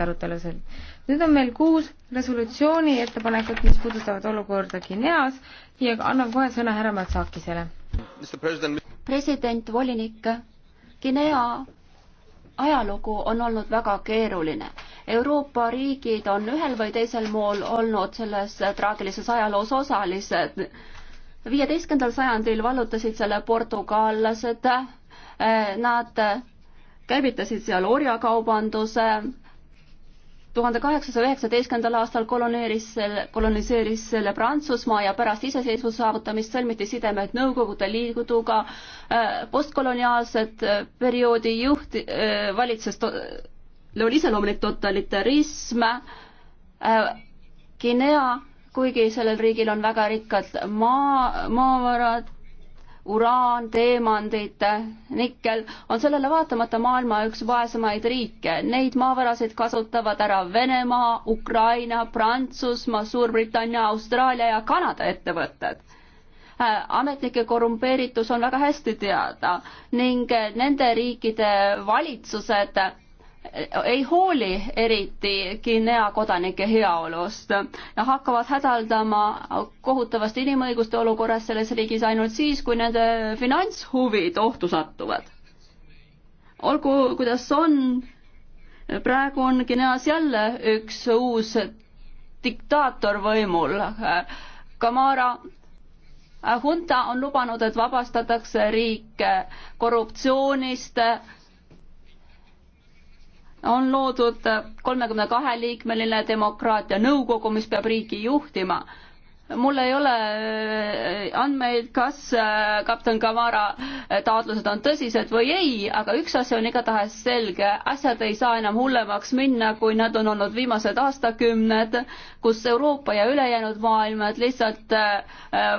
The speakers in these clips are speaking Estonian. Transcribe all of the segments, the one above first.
arutelusid. nüüd on meil kuus resolutsiooni ettepanekut, mis puudutavad olukorda Guineas ja annan kohe sõna härra Matsakisele. president, volinik, Guinea ajalugu on olnud väga keeruline. Euroopa riigid on ühel või teisel moel olnud selles traagilises ajaloos osalised. viieteistkümnendal sajandil vallutasid selle portugallased, eh, nad käivitasid seal orjakaubanduse, tuhande kaheksasaja üheksateistkümnendal aastal koloneeris selle, koloniseeris selle Prantsusmaa ja pärast iseseisvuse saavutamist sõlmiti sidemed Nõukogude Liiduga. Äh, postkoloniaalset äh, perioodi juht, äh, valitses, oli iseloomulik totalitarism. Guinea, kuigi sellel riigil on väga rikkad maa, maavarad, uraan, teemandid, nikkel, on sellele vaatamata maailma üks vaesemaid riike. Neid maavarasid kasutavad ära Venemaa, Ukraina, Prantsusmaa, Suurbritannia, Austraalia ja Kanada ettevõtted äh, ametnike korrumpeeritus on väga hästi teada ning nende riikide valitsused ei hooli eriti Guinea kodanike heaolust ja hakkavad hädaldama kohutavast inimõiguste olukorrast selles riigis ainult siis, kui nende finantshuvid ohtu satuvad. olgu, kuidas on, praegu on Guineas jälle üks uus diktaator võimul, Kamara hunta on lubanud, et vabastatakse riik korruptsioonist, on loodud kolmekümne kahe liikmeline demokraatia nõukogu, mis peab riiki juhtima. mul ei ole äh, andmeid, kas äh, kapten Kamara äh, taotlused on tõsised või ei, aga üks asi on igatahes selge, asjad ei saa enam hullemaks minna, kui nad on olnud viimased aastakümned, kus Euroopa ja ülejäänud maailmad lihtsalt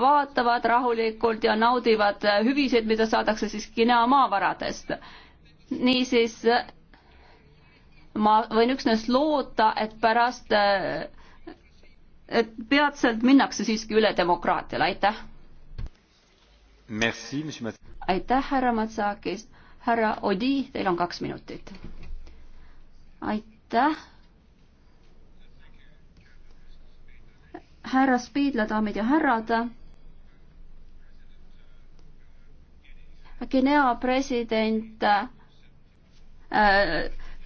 vaatavad rahulikult ja naudivad hüvisid, mida saadakse siis Guinea maavaradest niisiis ma võin üksnes loota, et pärast, äh, et peatselt minnakse siiski üle demokraatiale, aitäh. aitäh, härra Matsakis. härra Odi, teil on kaks minutit. aitäh. härra Spiidla, daamid ja härrad Guinea president äh,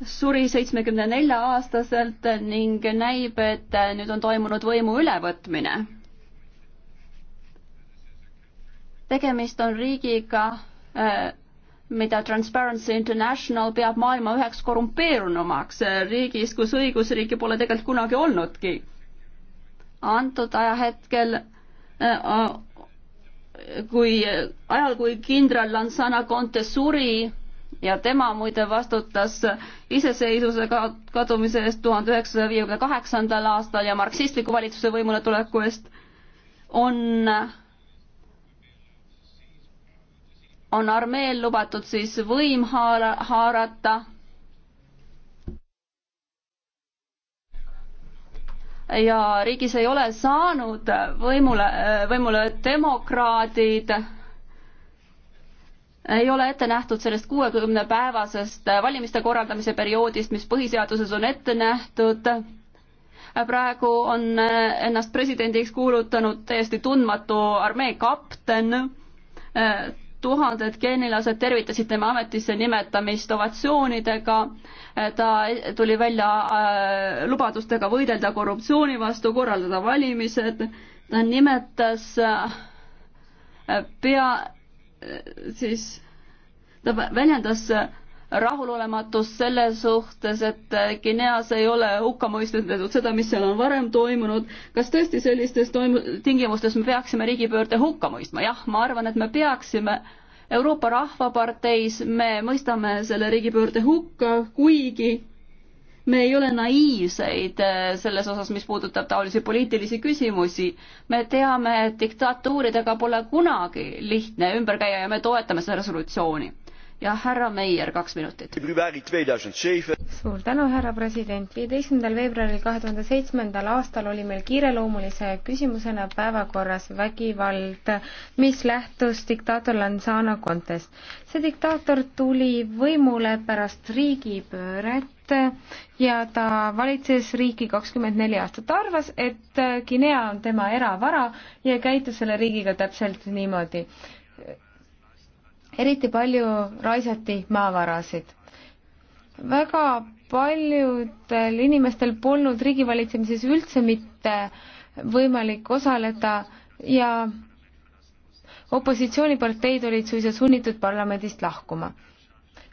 suri seitsmekümne nelja aastaselt ning näib, et nüüd on toimunud võimu ülevõtmine. tegemist on riigiga, äh, mida Transparency International peab maailma üheks korrumpeerunumaks, äh, riigis, kus õigusriiki pole tegelikult kunagi olnudki. antud ajahetkel äh, kui, ajal, kui kindral Lansana Conte suri, ja tema muide vastutas iseseisvuse kadumise eest tuhande üheksasaja viiekümne kaheksandal aastal ja marksistliku valitsuse võimule tuleku eest, on, on armeel lubatud siis võim haara, haarata. ja riigis ei ole saanud võimule, võimule demokraadid ei ole ette nähtud sellest kuuekümne päevasest valimiste korraldamise perioodist, mis põhiseaduses on ette nähtud. praegu on ennast presidendiks kuulutanud täiesti tundmatu armee kapten. tuhanded geenilased tervitasid tema ametisse nimetamist ovatsioonidega. ta tuli välja äh, lubadustega võidelda korruptsiooni vastu, korraldada valimised. ta nimetas äh, pea siis ta väljendas rahulolematust selle suhtes, et Guineas ei ole hukka mõistetud seda, mis seal on varem toimunud. kas tõesti sellistes toimu-, tingimustes me peaksime riigipöörde hukka mõistma? jah, ma arvan, et me peaksime. Euroopa Rahvaparteis me mõistame selle riigipöörde hukka, kuigi me ei ole naiivseid eh, selles osas, mis puudutab taolisi poliitilisi küsimusi. me teame, et diktatuuridega pole kunagi lihtne ümber käia ja me toetame seda resolutsiooni. ja härra Meier, kaks minutit. suur tänu, härra president. viieteistkümnendal veebruaril kahe tuhande seitsmendal aastal oli meil kiireloomulise küsimusena päevakorras vägivald, mis lähtus diktaator Lanzana kontest. see diktaator tuli võimule pärast riigipööret Guinea-t ja ta valitses riiki kakskümmend neli aastat, arvas, et Guinea on tema eravara ja käitus selle riigiga täpselt niimoodi. eriti palju raisati maavarasid. väga paljudel inimestel polnud riigivalitsemises üldse mitte võimalik osaleda ja opositsiooniparteid olid suisa sunnitud parlamendist lahkuma.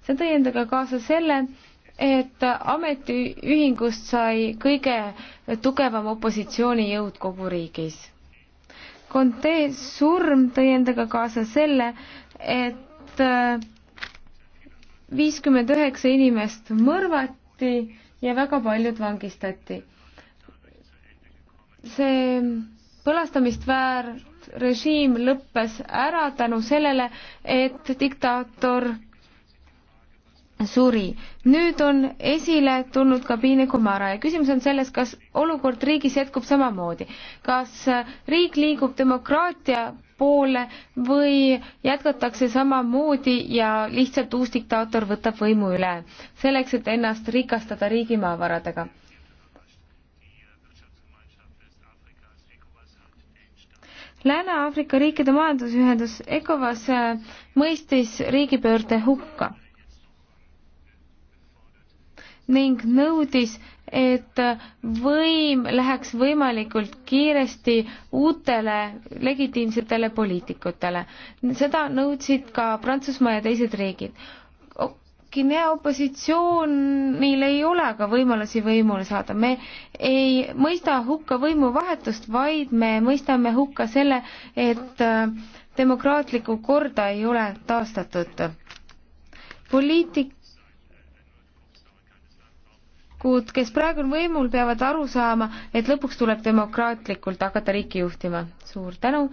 see tõi endaga kaasa selle, et ametiühingust sai kõige tugevam opositsioonijõud kogu riigis. Conte surm tõi endaga kaasa selle, et äh, viiskümmend üheksa inimest mõrvati ja väga paljud vangistati. see põlastamist väär režiim lõppes ära tänu sellele, et diktaator suri. nüüd on esile tulnud ka piinikumara ja küsimus on selles, kas olukord riigis jätkub samamoodi. kas riik liigub demokraatia poole või jätkatakse samamoodi ja lihtsalt uus diktaator võtab võimu üle, selleks et ennast rikastada riigi maavaradega? Lääne-Aafrika riikide majandusühendus ECOWAS mõistis riigipöörde hukka ning nõudis, et võim läheks võimalikult kiiresti uutele legitiimsetele poliitikutele. seda nõudsid ka Prantsusmaa ja teised riigid. Guinea opositsioonil ei ole aga võimalusi võimule saada, me ei mõista hukka võimuvahetust, vaid me mõistame hukka selle, et äh, demokraatlikku korda ei ole taastatud. poliitik kuud, kes praegu on võimul, peavad aru saama, et lõpuks tuleb demokraatlikult hakata riiki juhtima. suur tänu.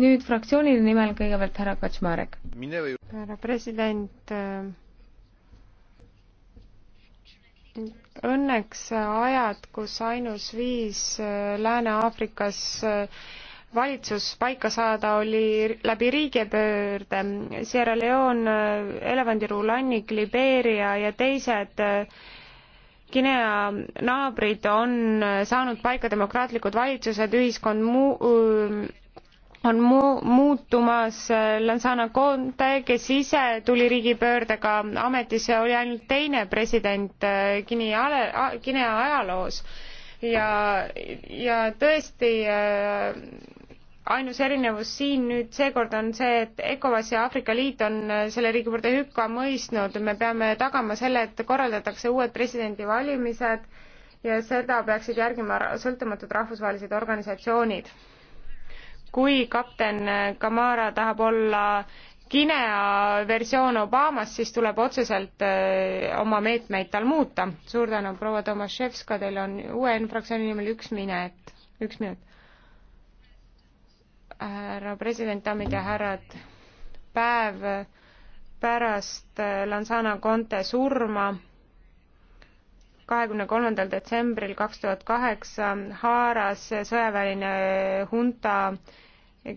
nüüd fraktsioonide nimel kõigepealt härra Kaczmarek. härra president. Õnneks ajad, kus ainus viis Lääne-Aafrikas valitsus paika saada oli läbi riigipöörde. Sierra Leone, elevandiruu lannik, Libeeria ja teised Guinea naabrid on saanud paika demokraatlikud valitsused, ühiskond muu, on mu-, muutumas, Lansana Conte, kes ise tuli riigipöördega ametisse, oli ainult teine president äh, Guinea, Guinea ajaloos ja, ja tõesti äh, ainus erinevus siin nüüd seekord on see, et ECOWAS ja Aafrika Liit on äh, selle riigi juurde hükka mõistnud, me peame tagama selle, et korraldatakse uued presidendivalimised ja seda peaksid järgima sõltumatud rahvusvahelised organisatsioonid. kui kapten äh, Kamara tahab olla Guinea versioon Obamast, siis tuleb otseselt äh, oma meetmeid tal muuta. suur tänu, proua Tomaševska, teil on UN fraktsiooni nimel üks minet, üks minut härra president, daamid ja härrad, päev pärast Lansana Conte surma kahekümne kolmandal detsembril kaks tuhat kaheksa haaras sõjaväeline hunta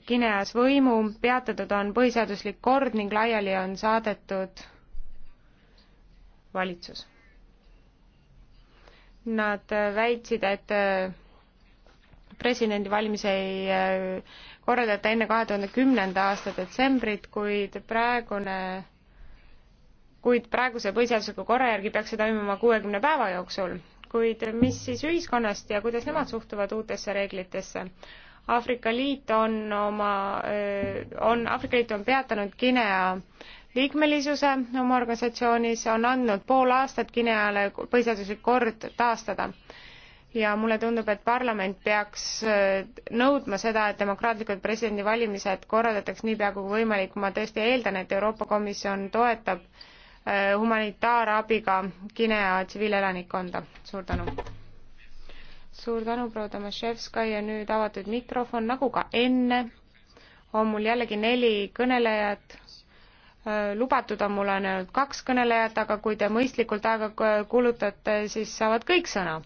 Guineas võimu, peatatud on põhiseaduslik kord ning laiali on saadetud valitsus. Nad väitsid, et presidendivalimisi ei äh, korraldata enne kahe tuhande kümnenda aasta detsembrit, kuid praegune, kuid praeguse põhiseadusliku korra järgi peaks see toimuma kuuekümne päeva jooksul. kuid mis siis ühiskonnast ja kuidas nemad suhtuvad uutesse reeglitesse? Aafrika Liit on oma, äh, on, Aafrika Liit on peatanud Guinea liikmelisuse oma organisatsioonis, on andnud pool aastat Guineale põhiseaduslik kord taastada ja mulle tundub, et parlament peaks äh, nõudma seda, et demokraatlikud presidendivalimised korraldataks niipea kui võimalik, ma tõesti eeldan, et Euroopa Komisjon toetab äh, humanitaarabiga Guinea tsiviilelanikkonda, suur tänu. suur tänu, proua Tomaševska ja nüüd avatud mikrofon, nagu ka enne on mul jällegi neli kõnelejat äh, lubatud on mul ainult kaks kõnelejat, aga kui te mõistlikult aega kulutate, siis saavad kõik sõna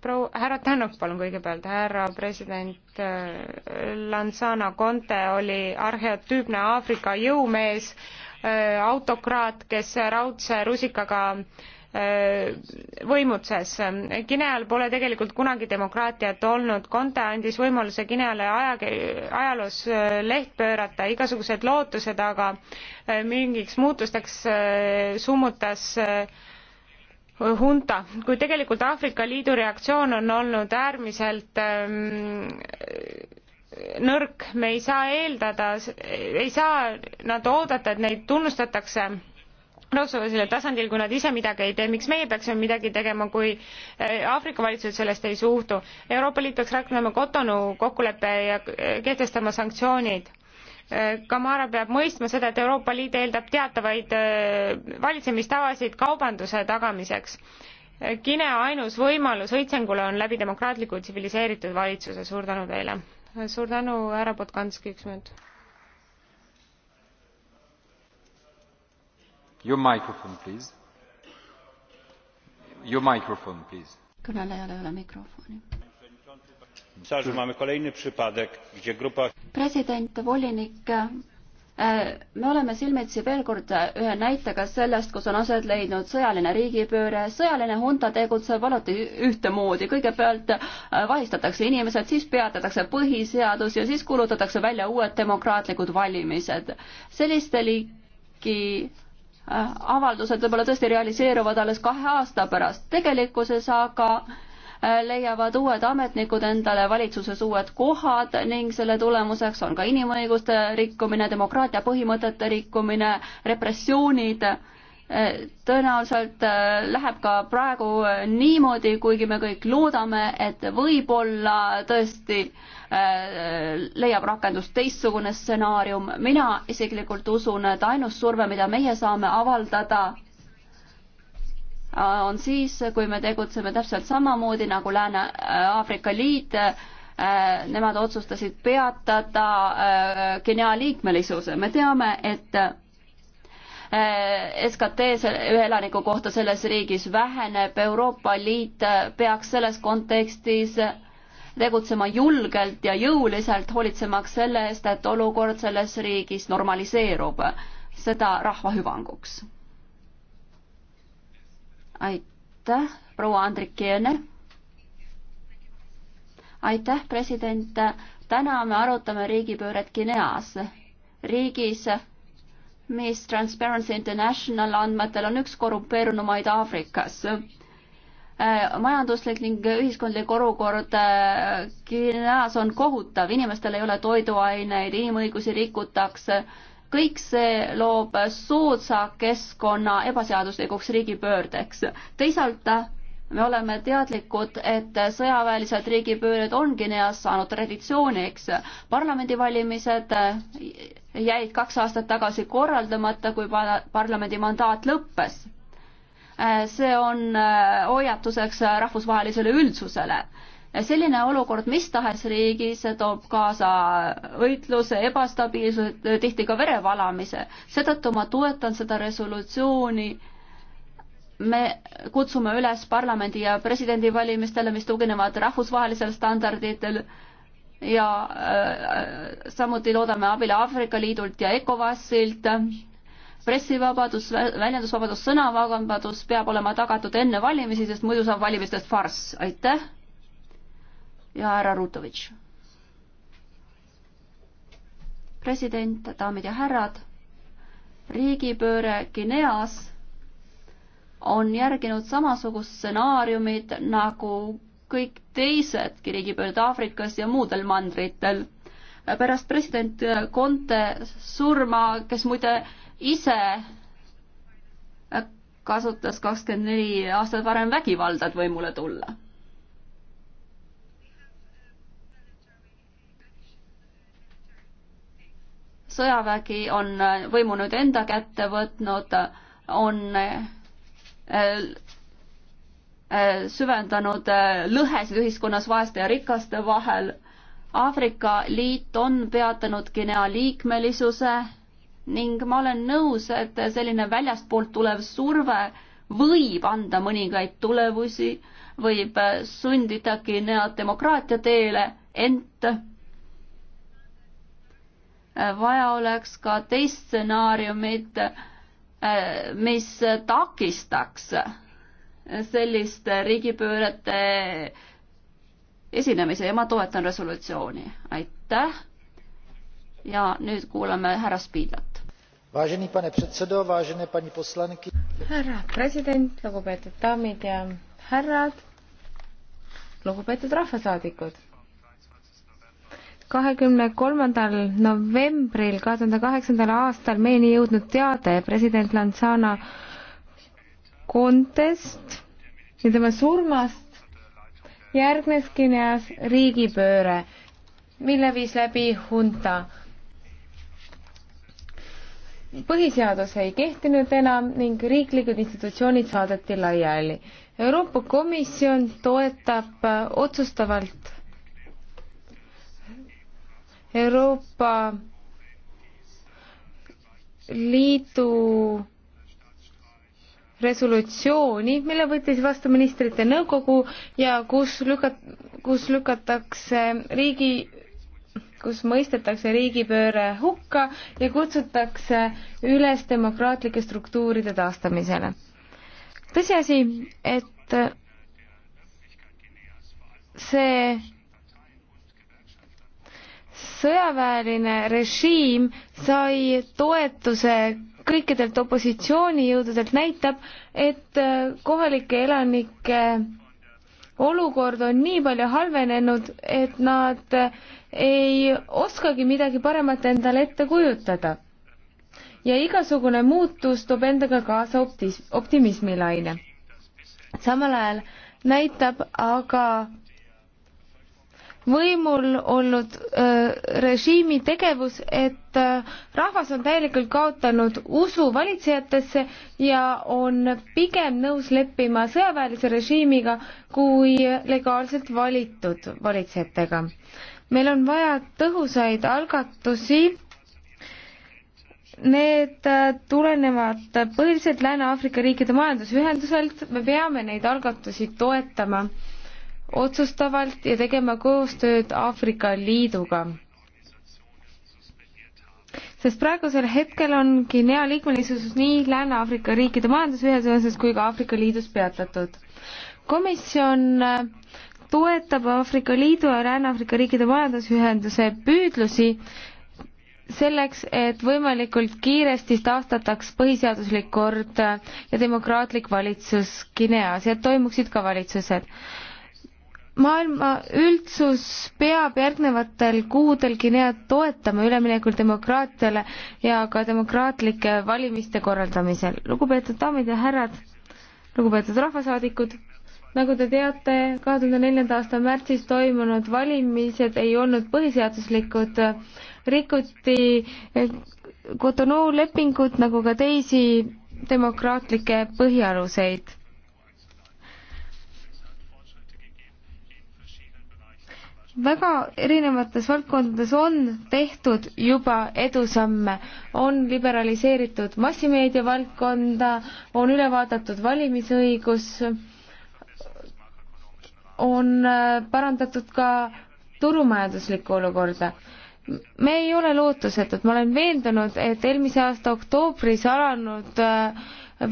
proua, härra Tänok, palun kõigepealt, härra president äh, Lansana Conte oli arheotüüpne Aafrika jõumees, äh, autokraat, kes raudse rusikaga äh, võimutses. Guineal pole tegelikult kunagi demokraatiat olnud, Conte andis võimaluse Guineale aja, ajaloos leht pöörata, igasugused lootused aga mingiks muutusteks summutas hunta kui tegelikult aafrika liidu reaktsioon on olnud äärmiselt ähm, nõrk me ei saa eeldada ei saa nad oodata et neid tunnustatakse rahvusvahelisel tasandil kui nad ise midagi ei tee miks meie peaksime midagi tegema kui äh, aafrika valitsused sellest ei suhtu euroopa liit peaks rakendama cotonou kokkuleppe ja äh, kehtestama sanktsioonid Kamara peab mõistma seda, et Euroopa Liit eeldab teatavaid äh, valitsemistavasid kaubanduse tagamiseks. Guinea ainus võimalus õitsengule on läbi demokraatliku tsiviliseeritud valitsuse, suur tänu teile. suur tänu, härra Potkanski, üks minut. Your microphone, please. Your microphone, please. kõnelejal ei ole mikrofoni. mamy kolejny przypadek, gdzie grupa president, volinik, äh, me oleme silmitsi veel kord ühe näitega sellest, kus on aset leidnud sõjaline riigipööre, sõjaline hunta tegutseb alati ühtemoodi, kõigepealt äh, vahistatakse inimesed, siis peatatakse põhiseadus ja siis kuulutatakse välja uued demokraatlikud valimised. selliste liiki äh, avaldused võib-olla tõesti realiseeruvad alles kahe aasta pärast, tegelikkuses aga äh, Äh, leiavad uued ametnikud endale valitsuses uued kohad ning selle tulemuseks on ka inimõiguste rikkumine, demokraatia põhimõtete rikkumine, repressioonid. Äh, tõenäoliselt äh, läheb ka praegu niimoodi, kuigi me kõik loodame, et võib-olla tõesti leiab rakendust teistsugune stsenaarium. mina isiklikult usun, et ainus surve, mida meie saame avaldada, Äh, on siis, kui me tegutseme täpselt samamoodi nagu Lääne-Aafrika Liit, äh, nemad otsustasid peatada äh, Guinea liikmelisuse. me teame, et SKT ühe elaniku kohta selles riigis väheneb, Euroopa Liit peaks selles kontekstis tegutsema julgelt ja jõuliselt, hoolitsemaks selle eest, et olukord selles riigis normaliseerub, seda rahva hüvanguks aitäh, proua Andrik Jeene. aitäh, president. täna me arutame riigipööret Guineas, riigis, mis Transparency International andmetel on üks korrumpeerunumaid Aafrikas äh, majanduslik ning ühiskondlik olukord äh, Guineas on kohutav, inimestel ei ole toiduaineid, inimõigusi rikutakse kõik see loob soodsa keskkonna ebaseaduslikuks riigipöördeks. teisalt me oleme teadlikud, et sõjaväelised riigipööred on Guineas saanud traditsiooniks. parlamendivalimised jäid kaks aastat tagasi korraldamata, kui parlamendi mandaat lõppes. see on hoiatuseks rahvusvahelisele üldsusele selline olukord mis tahes riigis toob kaasa võitluse, ebastabiilsuse, tihti ka verevalamise. seetõttu ma toetan seda resolutsiooni me kutsume üles parlamendi ja presidendi valimistele, mis tuginevad rahvusvahelisel standarditel ja äh, samuti loodame abile Aafrika Liidult ja ECOWASilt. pressivabadus, väljendusvabadus, sõnavabadus peab olema tagatud enne valimisi, sest muidu saab valimistest farss. aitäh! ja härra Rutovitš. president, daamid ja härrad, riigipööre Guineas on järginud samasugust stsenaariumit nagu kõik teisedki riigipöörded Aafrikas ja muudel mandritel. pärast president Conte surma, kes muide ise kasutas kakskümmend neli aastat varem vägivalda, et võimule tulla sõjavägi on äh, võimu nüüd enda kätte võtnud, on äh, äh, süvendanud lõhesid ühiskonnas vaeste ja rikaste vahel. Aafrika Liit on peatanud Guinea liikmelisuse ning ma olen nõus, et selline väljastpoolt tulev surve võib anda mõningaid tulevusi, võib sundida Guinead demokraatia teele, ent vaja oleks ka teist stsenaariumit, äh, mis takistaks selliste riigipöörete esinemise ja ma toetan resolutsiooni. aitäh. ja nüüd kuulame härra Spiidlat. Vážený pane předsedo, vážené paní poslanky. härra president, lugupeetud daamid ja härrad, lugupeetud rahvasaadikud kahekümne kolmandal novembril kahe tuhande kaheksandal aastal meieni jõudnud teade president Lansana Kontest ja tema surmast järgnes Guineas riigipööre, mille viis läbi hunta. põhiseadus ei kehtinud enam ning riiklikud institutsioonid saadeti laiali. Euroopa Komisjon toetab otsustavalt Euroopa Liidu resolutsiooni, mille võttis vastu ministrite nõukogu ja kus lükat-, kus lükatakse riigi, kus mõistetakse riigipööre hukka ja kutsutakse üles demokraatlike struktuuride taastamisele. tõsiasi, et see sõjaväeline režiim sai toetuse kõikidelt opositsioonijõududelt, näitab, et äh, kohalike elanike olukord on nii palju halvenenud, et nad äh, ei oskagi midagi paremat endale ette kujutada. ja igasugune muutus toob endaga kaasa optis-, optimismilaine. samal ajal näitab aga võimul olnud äh, režiimi tegevus, et äh, rahvas on täielikult kaotanud usu valitsejatesse ja on pigem nõus leppima sõjaväelise režiimiga kui legaalselt valitud valitsejatega. meil on vaja tõhusaid algatusi. Need tulenevad põhiliselt Lääne-Aafrika riikide majandusühenduselt, me peame neid algatusi toetama otsustavalt ja tegema koostööd Aafrika Liiduga. sest praegusel hetkel on Guinea liikmelisus nii Lääne-Aafrika riikide majandusühenduses kui ka Aafrika Liidus peatatud. komisjon äh, toetab Aafrika Liidu ja Lääne-Aafrika riikide majandusühenduse püüdlusi selleks, et võimalikult kiiresti taastataks põhiseaduslik kord ja demokraatlik valitsus Guineas ja toimuksid ka valitsused maailma üldsus peab järgnevatel kuudel Guinead toetama üleminekul demokraatiale ja ka demokraatlike valimiste korraldamisel. lugupeetud daamid ja härrad, lugupeetud rahvasaadikud, nagu te teate, kahe tuhande neljanda aasta märtsis toimunud valimised ei olnud põhiseaduslikud, rikuti eh, Cotonou lepingut nagu ka teisi demokraatlikke põhialuseid väga erinevates valdkondades on tehtud juba edusamme, on liberaliseeritud massimeedia valdkonda, on üle vaadatud valimisõigus, on äh, parandatud ka turumajanduslikku olukorda. me ei ole lootusetud, ma olen veendunud, et eelmise aasta oktoobris alanud äh,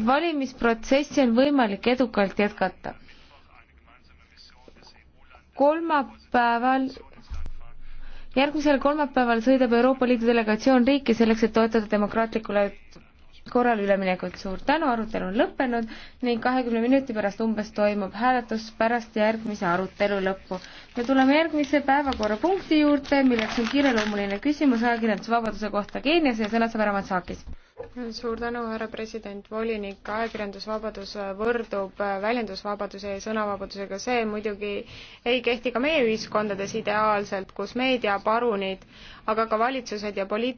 valimisprotsessi on võimalik edukalt jätkata kolmapäeval järgmisel kolmapäeval sõidab Euroopa Liidu delegatsioon riiki selleks, et toetada demokraatlikule korrale üleminekut. suur tänu, arutelu on lõppenud ning kahekümne minuti pärast umbes toimub hääletus pärast järgmise arutelu lõppu. me tuleme järgmise päevakorrapunkti juurde, milleks on kiireloomuline küsimus ajakirjandusvabaduse kohta Keenias ja sõna saab ära Matsakis suur tänu, härra president, volinik, ajakirjandusvabadus võrdub väljendusvabaduse ja sõnavabadusega, see muidugi ei kehti ka meie ühiskondades ideaalselt, kus meediaparunid, aga ka valitsused ja poliitikud